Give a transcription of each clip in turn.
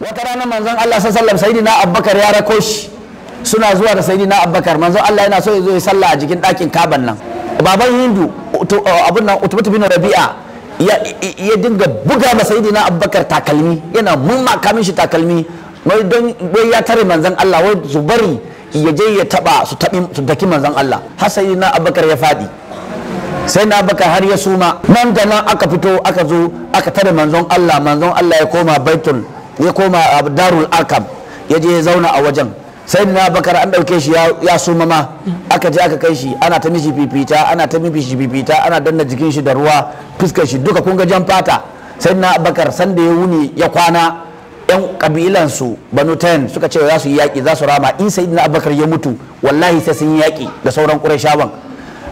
wata rana manzon Allah sallallahu sayyidina Abubakar ya rako shi suna zuwa da sayyidina Abubakar manzon Allah yana so ya zo ya salla a jikin ɗakin Kaban nan baban Hindu uh, abun nan Utbatu bin Rabi'a ya dinga buga ma sayyidina Abubakar takalmi yana mumma kamin shi takalmi wai don wai ya tare manzon Allah wai su ya je ya taba su tabi su daki manzon Allah har sayyidina Abubakar ya fadi sai na baka har ya suma nan da nan aka fito aka zo aka tare manzon Allah manzon Allah ya koma baitul ya koma darul arkam ya je ya zauna a wajen sai na bakar an ɗauke shi ya suma ma aka je aka kai shi ana ta mishi fifita ana ta mishi fifita ana danna jikin shi da ruwa fuskar shi duka kun ga jan fata sai na bakar sanda ya wuni ya kwana yan kabilan su banu ten suka ce za su yi yaƙi za su rama in sai na bakar ya mutu wallahi sai sun yi yaki da sauran ƙurashawan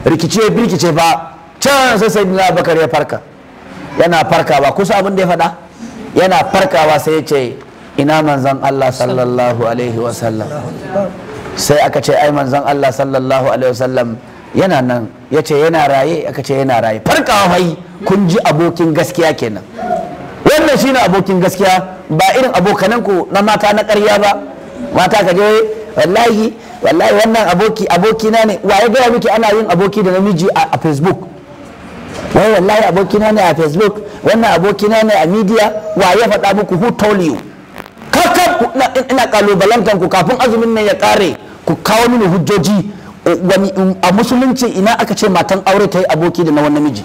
rikice birkice fa can sai sai na bakar ya farka yana farka ba kusa abin da ya faɗa yana farkawa sai ya ce ina manzan Allah sallallahu alaihi wasallam sai aka ce ai manzan Allah sallallahu alaihi wasallam yana nan ya ce yana raye aka ce yana raye farkawa fai kun ji abokin gaskiya kenan wannan shine abokin gaskiya ba irin abokananku na mata na ƙarya ba mata ka je wallahi wallahi wannan aboki abokina ne waye gaya miki ana yin aboki da namiji a facebook wai wallahi abokina ne a facebook wannan abokina ne a media wa ya faɗa muku who told you kakar ina kalubalantar ku kafin azumin nan ya kare ku kawo mini hujjoji a musulunci ina aka ce matan aure ta yi aboki da na wani namiji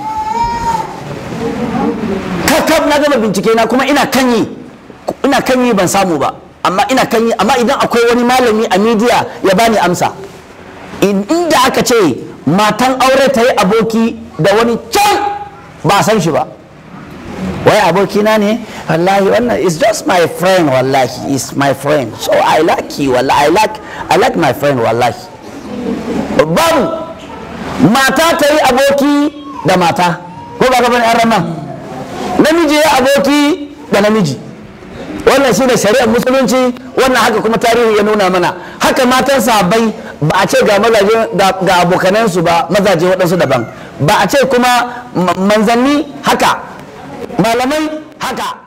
kakar na gama bincike na kuma ina kanyi ina kanyi ban samu ba amma ina kanyi amma idan akwai wani malami a media ya bani amsa inda aka ce matan aure ta yi aboki da wani can ba san shi ba wai abokina ne wallahi wannan is just my friend wallahi is my friend so i like you wallahi i like i like my friend wallahi babu mata ta yi aboki da mata ko ba gaban yan rama namiji ya aboki da namiji wannan shi ne shari'ar musulunci wannan haka kuma tarihi ya nuna mana haka matan sabai ba a ce ga mazaje ga abokanansu ba mazaje waɗansu daban ba a ce kuma manzanni haka malamai haka